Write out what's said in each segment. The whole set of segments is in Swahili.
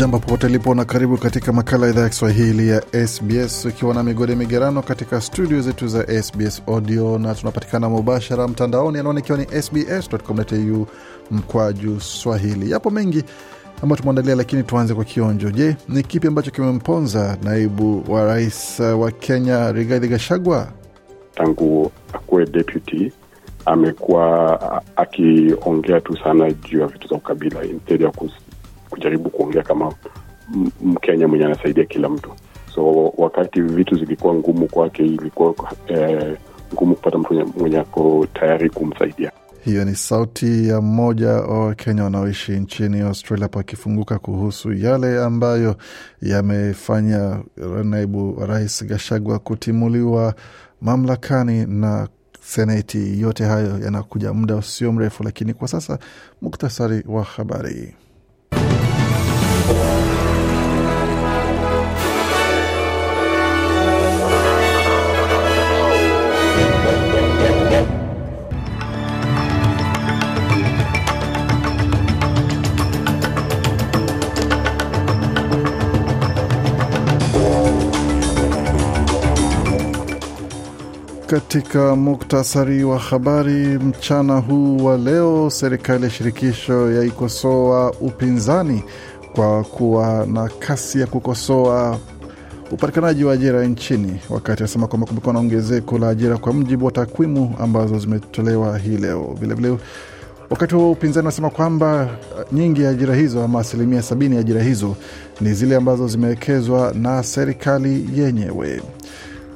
Hujambo popote lipo na karibu katika makala ya idhaa ya Kiswahili ya SBS ukiwa na migode migerano katika studio zetu za SBS audio na tunapatikana mubashara mtandaoni anaone ikiwa ni sbs.com.au mkwaju swahili. Yapo mengi ambayo tumeandalia, lakini tuanze kwa kionjo. Je, ni kipi ambacho kimemponza naibu wa rais wa Kenya Rigathi Gachagua tangu akuwe deputy? Amekuwa akiongea tu sana juu ya vitu za ukabila, ya kujaribu kuongea kama Mkenya mwenye anasaidia kila mtu. So wakati vitu zilikuwa ngumu kwake, ilikuwa eh, ngumu kupata mtu mwenye ako tayari kumsaidia. Hiyo ni sauti ya mmoja wa Wakenya wanaoishi nchini Australia pakifunguka kuhusu yale ambayo yamefanya naibu rais Gashagwa kutimuliwa mamlakani na seneti. Yote hayo yanakuja muda usio mrefu, lakini kwa sasa muktasari wa habari. Katika muktasari wa habari mchana huu wa leo, serikali ya shirikisho yaikosoa upinzani kwa kuwa na kasi ya kukosoa upatikanaji wa ajira nchini, wakati anasema kwamba kumekuwa na ongezeko la ajira kwa mjibu wa takwimu ambazo zimetolewa hii leo. Vilevile, wakati huo upinzani anasema kwamba nyingi ya ajira hizo ama asilimia sabini ya ajira hizo ni zile ambazo zimewekezwa na serikali yenyewe.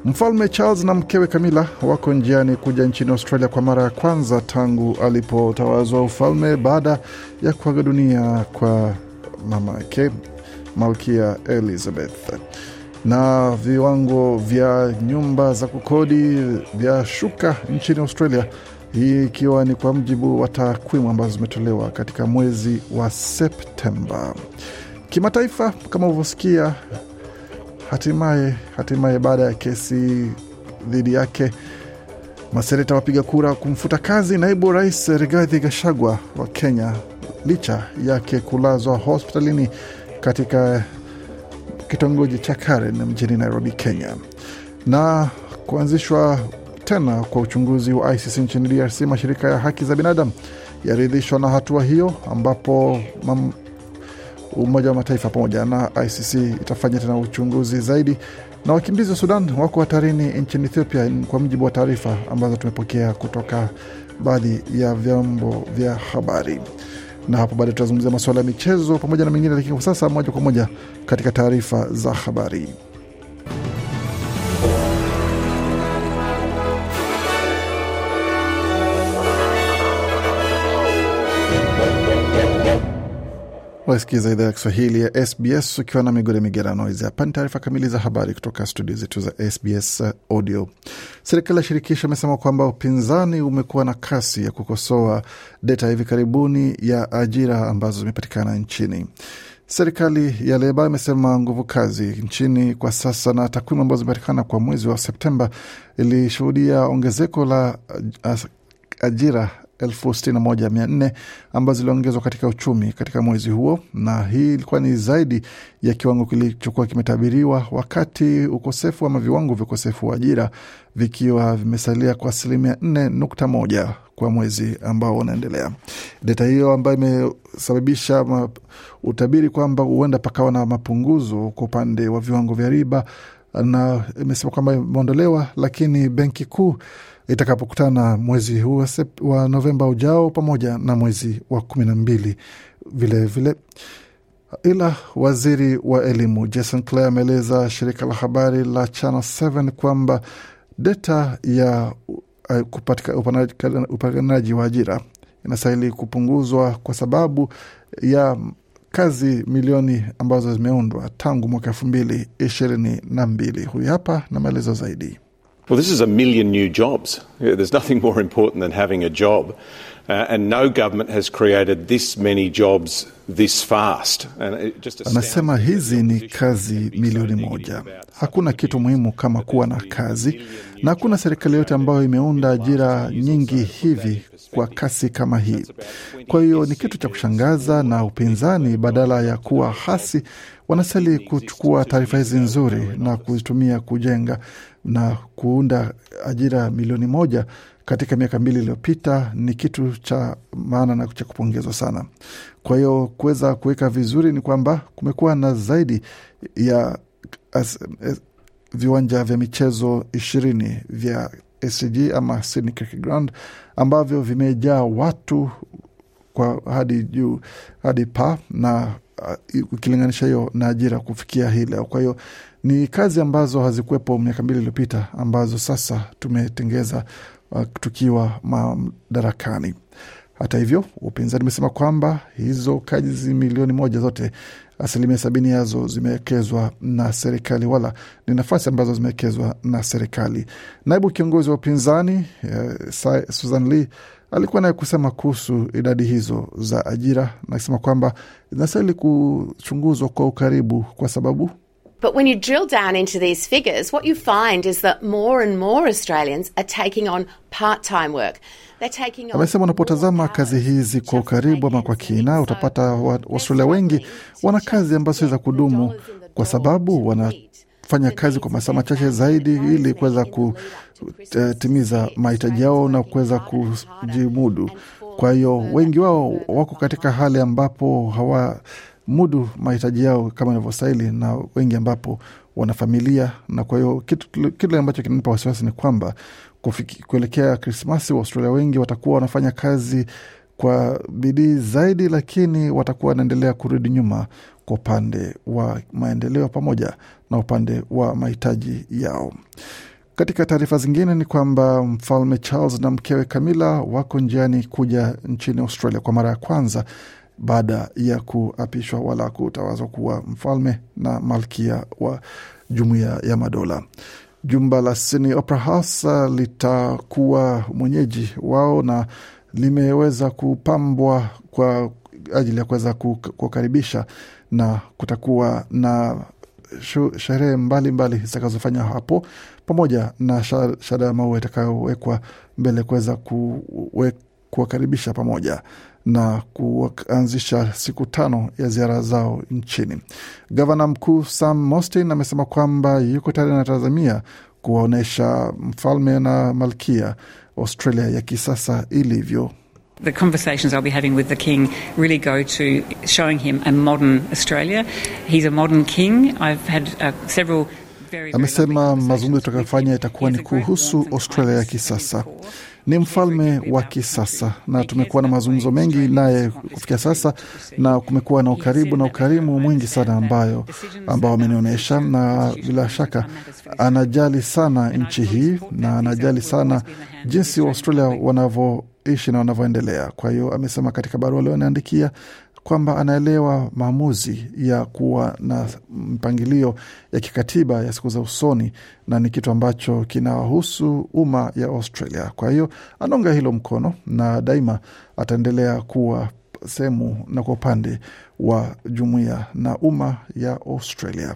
Mfalme Charles na mkewe kamila wako njiani kuja nchini Australia kwa mara ya kwanza tangu alipotawazwa ufalme baada ya kuaga dunia kwa mama yake Malkia Elizabeth na viwango vya nyumba za kukodi vya shuka nchini Australia, hii ikiwa ni kwa mujibu wa takwimu ambazo zimetolewa katika mwezi wa Septemba. Kimataifa, kama ulivyosikia, Hatimaye hatimaye baada ya kesi dhidi yake maseneta wapiga kura kumfuta kazi naibu rais rigadhi gashagwa wa Kenya licha yake kulazwa hospitalini katika kitongoji cha Karen mjini Nairobi, Kenya, na kuanzishwa tena kwa uchunguzi wa ICC nchini DRC. Mashirika ya haki za binadamu yaridhishwa na hatua hiyo, ambapo mam Umoja wa Mataifa pamoja na ICC itafanya tena uchunguzi zaidi. Na wakimbizi wa Sudan wako hatarini nchini Ethiopia, kwa mujibu wa taarifa ambazo tumepokea kutoka baadhi ya vyombo vya habari. Na hapo baadaye tutazungumzia masuala ya michezo pamoja na mengine, lakini kwa sasa moja kwa moja katika taarifa za habari. Wasikiza idhaa ya Kiswahili ya SBS ukiwa na migode migerano hizi. Hapa ni taarifa kamili za habari kutoka studio zetu za SBS uh, Audio. Serikali ya shirikisho imesema kwamba upinzani umekuwa na kasi ya kukosoa data hivi karibuni ya ajira ambazo zimepatikana nchini. Serikali ya Leba imesema nguvu kazi nchini kwa sasa na takwimu ambazo zimepatikana kwa mwezi wa Septemba ilishuhudia ongezeko la ajira elfu sitini na moja mia nne ambazo ziliongezwa katika uchumi katika mwezi huo, na hii ilikuwa ni zaidi ya kiwango kilichokuwa kimetabiriwa, wakati ukosefu ama viwango vya ukosefu wa ajira vikiwa vimesalia kwa asilimia nne nukta moja kwa mwezi ambao unaendelea. Data hiyo ambayo imesababisha utabiri kwamba huenda pakawa na mapunguzo kwa upande wa viwango vya riba, na imesema kwamba imeondolewa, lakini benki kuu itakapokutana mwezi huu wa, wa Novemba ujao pamoja na mwezi wa kumi na mbili vilevile. Ila waziri wa elimu Jason Clare ameeleza shirika la habari la Channel 7 kwamba data ya uh, upatikanaji wa ajira inastahili kupunguzwa kwa sababu ya kazi milioni ambazo zimeundwa tangu mwaka elfu mbili ishirini na mbili. Huyu hapa na maelezo zaidi. Well, this is a million new jobs. There's nothing more important than having a job. Uh, and no government has created this many jobs this fast. And it just anasema hizi ni kazi milioni moja. Hakuna kitu muhimu kama kuwa na kazi na hakuna serikali yote ambayo imeunda ajira nyingi hivi kwa kasi kama hii. Kwa hiyo ni kitu cha kushangaza, na upinzani badala ya kuwa hasi wanastahili kuchukua taarifa hizi nzuri na kuzitumia kujenga na kuunda ajira milioni moja katika miaka mbili iliyopita ni kitu cha maana na cha kupongezwa sana. Kwa hiyo kuweza kuweka vizuri ni kwamba kumekuwa na zaidi ya as, as, viwanja vya michezo ishirini vya SG ama Sydney Cricket Ground ambavyo vimejaa watu kwa hadi juu hadi pa na uh, ukilinganisha hiyo na ajira kufikia hii leo. Kwa hiyo ni kazi ambazo hazikuwepo miaka mbili iliyopita ambazo sasa tumetengeza uh, tukiwa madarakani. Hata hivyo, upinzani umesema kwamba hizo kazi milioni moja zote asilimia sabini yazo zimewekezwa na serikali wala ni nafasi ambazo zimewekezwa na serikali. Naibu kiongozi wa upinzani eh, Susan Lee alikuwa naye kusema kuhusu idadi hizo za ajira na kwamba zinastahili kuchunguzwa kwa ukaribu kwa sababu But when you drill down into these figures, what you find is that more and more Australians are taking on part-time work. Amesema unapotazama kazi hizi kwa ukaribu ama kwa kina, utapata Waustralia wengi wana kazi ambazo si za kudumu, kwa sababu wanafanya kazi kwa masaa machache zaidi ili kuweza kutimiza eh, mahitaji yao na kuweza kujimudu. Kwa hiyo wengi wao wako katika hali ambapo hawa mudu mahitaji yao kama inavyostahili, na wengi ambapo wana familia. Na kwa hiyo kitu kile ambacho kinanipa wasiwasi ni kwamba kuelekea Krismasi waustralia wengi watakuwa wanafanya kazi kwa bidii zaidi, lakini watakuwa wanaendelea kurudi nyuma kwa upande wa maendeleo pamoja na upande wa mahitaji yao. Katika taarifa zingine ni kwamba mfalme Charles na mkewe Camilla wako njiani kuja nchini Australia kwa mara ya kwanza baada ya kuapishwa wala kutawazwa kuwa mfalme na malkia wa Jumuiya ya Madola jumba la Sydney Opera House litakuwa mwenyeji wao na limeweza kupambwa kwa ajili ya kuweza kuwakaribisha na kutakuwa na sherehe mbalimbali zitakazofanywa hapo pamoja na shada ya maua itakayowekwa mbele kuweza kuwakaribisha pamoja na kuanzisha siku tano ya ziara zao nchini. Gavana mkuu Sam Mostyn amesema kwamba yuko tayari na anatazamia kuwaonyesha mfalme na malkia Australia ya kisasa ilivyo. Uh, amesema mazungumzo tutakayofanya itakuwa ni kuhusu Australia ya kisasa before. Ni mfalme wa kisasa, na tumekuwa na mazungumzo mengi naye kufikia sasa, na kumekuwa na ukaribu na ukarimu mwingi sana ambayo ambao amenionyesha, na bila shaka anajali sana nchi hii na anajali sana jinsi Waustralia wanavyoishi na wanavyoendelea. Kwa hiyo amesema katika barua leo kwamba anaelewa maamuzi ya kuwa na mpangilio ya kikatiba ya siku za usoni na ni kitu ambacho kinawahusu umma ya Australia. Kwa hiyo anaunga hilo mkono na daima ataendelea kuwa sehemu na kwa upande wa jumuiya na umma ya Australia.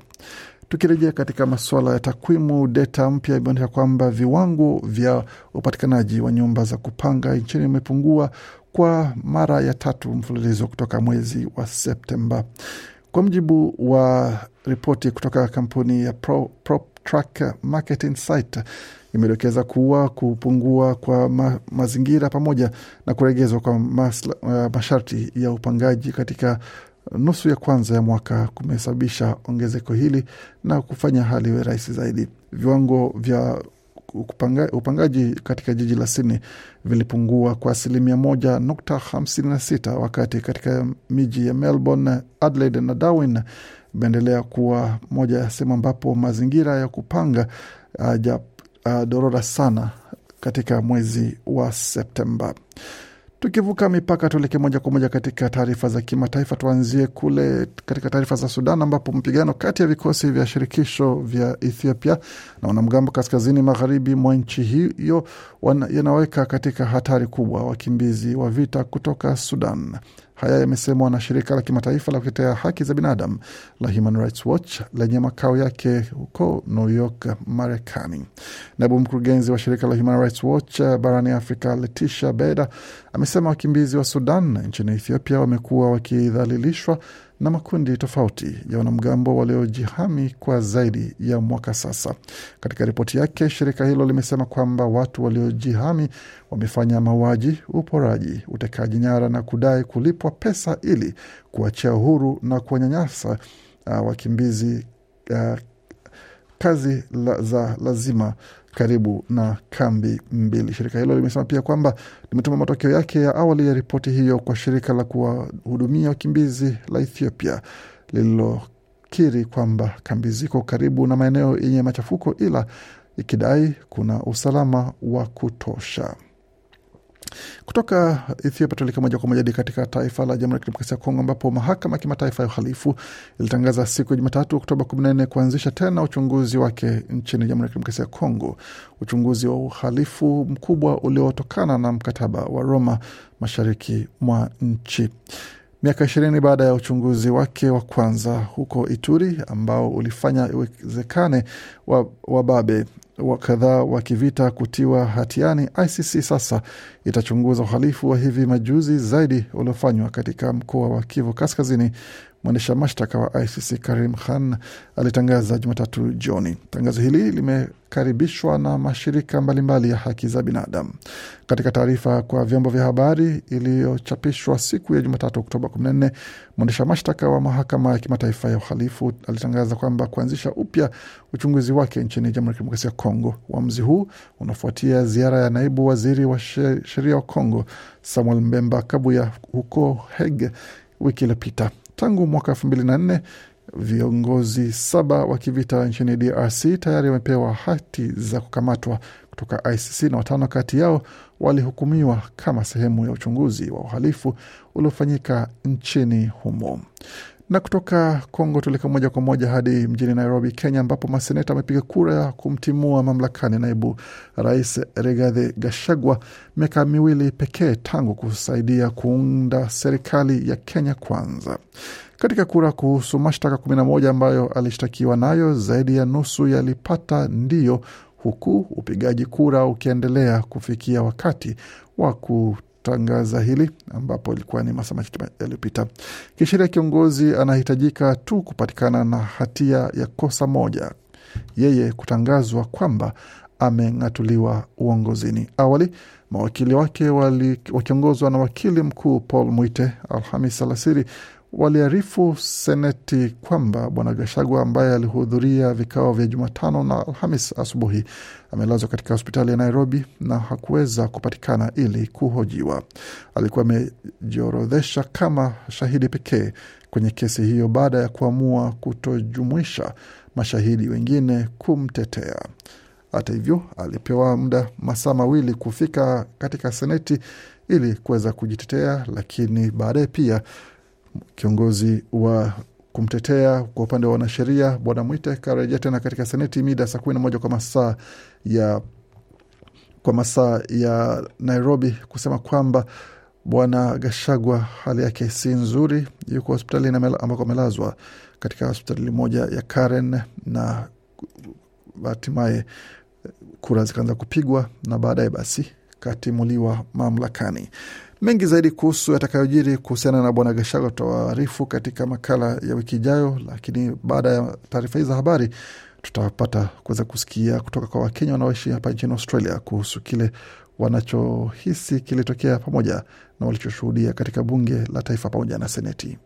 Tukirejea katika masuala ya takwimu, data mpya imeonyesha kwamba viwango vya upatikanaji wa nyumba za kupanga nchini imepungua kwa mara ya tatu mfululizo kutoka mwezi wa Septemba, kwa mjibu wa ripoti kutoka kampuni ya Pro, PropTrack Market Insight imedokeza kuwa kupungua kwa ma, mazingira pamoja na kuregezwa kwa masla, uh, masharti ya upangaji katika nusu ya kwanza ya mwaka kumesababisha ongezeko hili na kufanya hali iwe rahisi zaidi. Viwango vya upanga, upangaji katika jiji la sini vilipungua kwa asilimia moja nukta hamsini na sita wakati katika miji ya Melbourne, Adelaide na Darwin imeendelea kuwa moja ya sehemu ambapo mazingira ya kupanga uh, uh dorora sana katika mwezi wa Septemba. Tukivuka mipaka tuelekee moja kwa moja katika taarifa za kimataifa. Tuanzie kule katika taarifa za Sudan ambapo mpigano kati ya vikosi vya shirikisho vya Ethiopia na wanamgambo kaskazini magharibi mwa nchi hiyo yanaweka katika hatari kubwa wakimbizi wa vita kutoka Sudan. Haya yamesemwa na shirika la kimataifa la kutetea haki za binadamu la Human Rights Watch lenye makao yake huko New York, Marekani. Naibu mkurugenzi wa shirika la Human Rights Watch eh, barani Afrika, Letisha Beda, amesema wakimbizi wa Sudan nchini Ethiopia wamekuwa wakidhalilishwa na makundi tofauti ya wanamgambo waliojihami kwa zaidi ya mwaka sasa. Katika ripoti yake, shirika hilo limesema kwamba watu waliojihami wamefanya mauaji, uporaji, utekaji nyara na kudai kulipwa pesa ili kuachia uhuru na kuwanyanyasa uh, wakimbizi uh, kazi la, za lazima karibu na kambi mbili. Shirika hilo limesema pia kwamba limetuma matokeo yake ya awali ya ripoti hiyo kwa shirika la kuwahudumia wakimbizi la Ethiopia lililokiri kwamba kambi ziko karibu na maeneo yenye machafuko, ila ikidai kuna usalama wa kutosha. Kutoka Ethiopia tuelekea moja kwa moja hadi katika taifa la Jamhuri ya Kidemokrasia ya Kongo, ambapo mahakama ya kimataifa ya uhalifu ilitangaza siku ya Jumatatu, Oktoba 14 kuanzisha tena uchunguzi wake nchini Jamhuri ya Kidemokrasia ya Kongo, uchunguzi wa uhalifu mkubwa uliotokana na mkataba wa Roma mashariki mwa nchi miaka ishirini baada ya uchunguzi wake wa kwanza huko Ituri ambao ulifanya iwezekane wababe kadhaa wa kivita kutiwa hatiani, ICC sasa itachunguza uhalifu wa hivi majuzi zaidi uliofanywa katika mkoa wa Kivu Kaskazini Mwendesha mashtaka wa ICC Karim Khan alitangaza Jumatatu jioni. Tangazo hili limekaribishwa na mashirika mbalimbali ya haki za binadamu. Katika taarifa kwa vyombo vya habari iliyochapishwa siku ya Jumatatu Oktoba 14, mwendesha mashtaka wa mahakama ya kimataifa ya uhalifu alitangaza kwamba kuanzisha upya uchunguzi wake nchini Jamhuri ya Kidemokrasia ya Kongo. Uamuzi huu unafuatia ziara ya naibu waziri wa sheria wa Kongo Samuel Mbemba Kabuya huko Hague wiki iliyopita. Tangu mwaka elfu mbili na nne viongozi saba wa kivita nchini DRC tayari wamepewa hati za kukamatwa kutoka ICC na watano kati yao walihukumiwa kama sehemu ya uchunguzi wa uhalifu uliofanyika nchini humo. Na kutoka Kongo tuleke moja kwa moja hadi mjini Nairobi, Kenya, ambapo maseneta amepiga kura ya kumtimua mamlakani naibu rais Rigathi Gachagua miaka miwili pekee tangu kusaidia kuunda serikali ya Kenya Kwanza. Katika kura kuhusu mashtaka 11 ambayo alishtakiwa nayo, zaidi ya nusu yalipata ndio huku upigaji kura ukiendelea kufikia wakati wa ku tangaza hili ambapo ilikuwa ni masaa machache yaliyopita. Kisheria, kiongozi anahitajika tu kupatikana na hatia ya kosa moja, yeye kutangazwa kwamba ameng'atuliwa uongozini. Awali mawakili wake wakiongozwa na wakili mkuu Paul Mwite Alhamis alasiri waliarifu Seneti kwamba Bwana Gashagwa ambaye alihudhuria vikao vya Jumatano na Alhamis asubuhi amelazwa katika hospitali ya Nairobi na hakuweza kupatikana ili kuhojiwa. Alikuwa amejiorodhesha kama shahidi pekee kwenye kesi hiyo baada ya kuamua kutojumuisha mashahidi wengine kumtetea. Hata hivyo, alipewa muda masaa mawili kufika katika Seneti ili kuweza kujitetea, lakini baadaye pia Kiongozi wa kumtetea kwa upande wa wanasheria Bwana Mwite karejea tena katika Seneti mida saa kumi na moja kwa masaa ya kwa masaa ya Nairobi kusema kwamba Bwana Gashagwa hali yake si nzuri, yuko hospitalini ambako amelazwa katika hospitali moja ya Karen, na hatimaye kura zikaanza kupigwa na baadaye basi katimuliwa mamlakani. Mengi zaidi kuhusu yatakayojiri kuhusiana na bwana gashaga tutawaarifu katika makala ya wiki ijayo, lakini baada ya taarifa hii za habari tutapata kuweza kusikia kutoka kwa Wakenya wanaoishi hapa nchini Australia kuhusu kile wanachohisi kilitokea pamoja na walichoshuhudia katika bunge la taifa pamoja na seneti.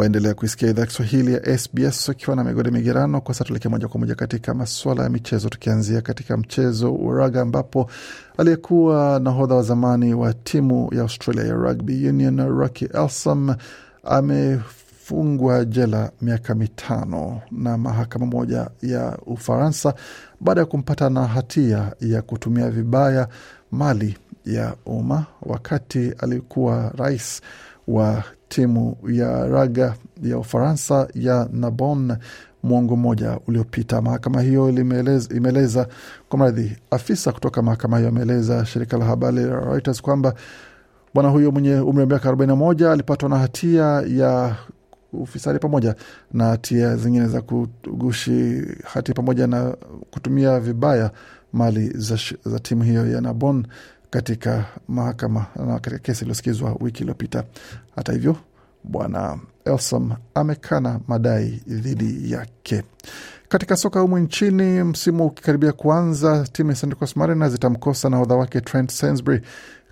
Waendelea kuisikia idhaa Kiswahili ya SBS wakiwa na migodi migerano. Kwa sasa tuelekea moja kwa moja katika masuala ya michezo, tukianzia katika mchezo wa raga ambapo aliyekuwa nahodha wa zamani wa timu ya Australia ya Rugby Union Rocky Elsom amefungwa jela miaka mitano na mahakama moja ya Ufaransa baada ya kumpata na hatia ya kutumia vibaya mali ya umma wakati alikuwa rais wa timu ya raga ya Ufaransa ya nabon mwongo mmoja uliopita. Mahakama hiyo imeeleza kwa mradhi, afisa kutoka mahakama hiyo ameeleza shirika la habari la Reuters kwamba bwana huyo mwenye umri wa miaka 41 alipatwa na hatia ya ufisadi pamoja na hatia zingine za kugushi hati pamoja na kutumia vibaya mali za, za timu hiyo ya nabon katika mahakama na katika kesi iliyosikizwa wiki iliyopita. Hata hivyo, bwana Elsom amekana madai dhidi yake. Katika soka humu nchini, msimu ukikaribia kuanza, timu ya Central Coast Mariners itamkosa nahodha wake Trent Sainsbury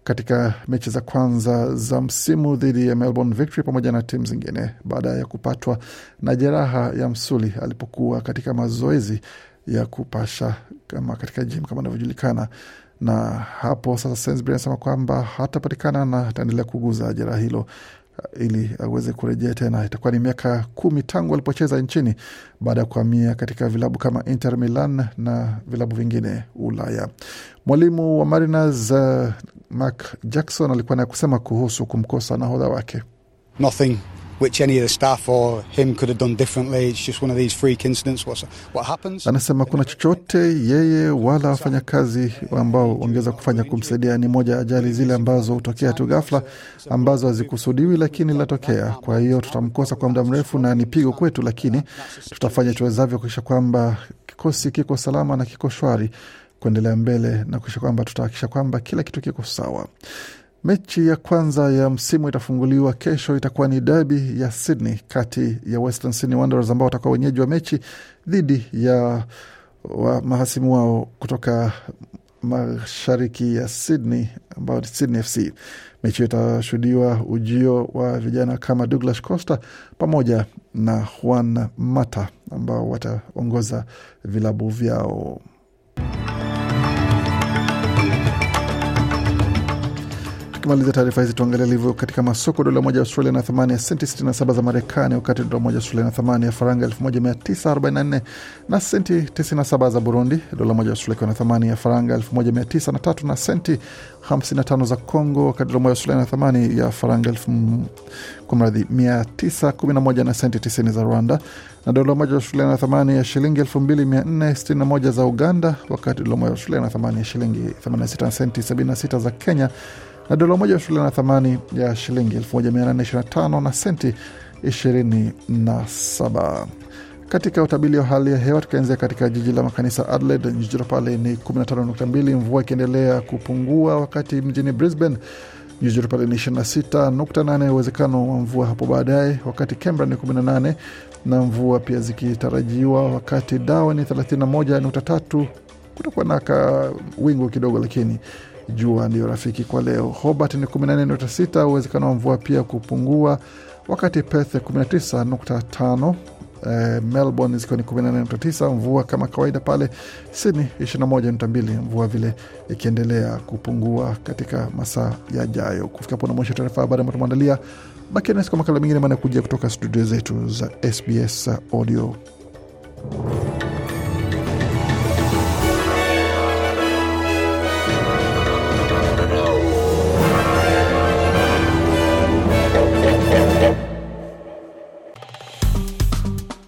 katika mechi za kwanza za msimu dhidi ya Melbourne Victory pamoja na timu zingine baada ya kupatwa na jeraha ya msuli alipokuwa katika mazoezi ya kupasha kama katika gym kama inavyojulikana na hapo sasa Sainsbury anasema kwamba hatapatikana na ataendelea kuguza jeraha hilo uh, ili aweze kurejea tena. Itakuwa ni miaka kumi tangu alipocheza nchini baada ya kuhamia katika vilabu kama Inter Milan na vilabu vingine Ulaya. Mwalimu wa Mariners uh, Mark Jackson alikuwa na kusema kuhusu kumkosa nahodha wake. Nothing which any of the staff or him could have done differently. It's just one of these freak incidents. What's, what happens? Anasema kuna chochote yeye wala wafanyakazi ambao wangeweza kufanya kumsaidia. Ni moja ya ajali zile ambazo hutokea tu ghafla, ambazo hazikusudiwi, lakini linatokea. Kwa hiyo tutamkosa kwa muda mrefu na ni pigo kwetu, lakini tutafanya tuwezavyo kuhakikisha kwamba kikosi kiko salama na kiko shwari kuendelea mbele na kuhakikisha kwamba tutahakikisha kwamba kila kitu kiko sawa. Mechi ya kwanza ya msimu itafunguliwa kesho, itakuwa ni dabi ya Sydney kati ya Western Sydney Wanderers ambao watakuwa wenyeji wa mechi dhidi ya wa mahasimu wao kutoka mashariki ya Sydney ambao ni Sydney FC. Mechi hiyo itashuhudiwa ujio wa vijana kama Douglas Costa pamoja na Juan Mata ambao wataongoza vilabu vyao. Tukimaliza taarifa hizi, tuangalia ilivyo katika masoko. Dola moja ya Australia na thamani ya senti 67 za Marekani, wakati dola moja ya Australia na thamani ya faranga 1944 na senti 97 za Burundi. Dola moja ya Australia ikiwa na thamani ya faranga 1903 na senti 55 za Congo, wakati dola moja ya Australia na thamani ya faranga kwa mradhi 911 na senti 90 za Rwanda, na dola moja ya Australia na thamani ya shilingi 2461 za Uganda, wakati dola moja ya Australia na thamani ya shilingi 86 na senti 76 za Kenya na dola moja shule na thamani ya shilingi 1825 na senti 27. Katika utabiri wa hali ya hewa tukianzia katika jiji la makanisa Adelaide, nyuzi joto pale ni 15.2, mvua ikiendelea kupungua, wakati mjini Brisbane nyuzi joto pale ni 26.8, uwezekano wa mvua hapo baadaye, wakati Canberra ni 18 na mvua pia zikitarajiwa, wakati dawa ni 31.3, kutakuwa na kawingu kidogo lakini Jua ndiyo rafiki kwa leo. Hobart ni 14.6, uwezekano wa mvua pia kupungua, wakati Perth 19.5 Uh, eh, Melbourne zikiwa ni 18.9 mvua kama kawaida pale. Sydney 21.2 mvua vile ikiendelea kupungua katika masaa yajayo. Kufika hapo na mwisho taarifa habari ambayo tumeandalia, bakia nasi kwa makala mengine maana kuja kutoka studio zetu za SBS Audio.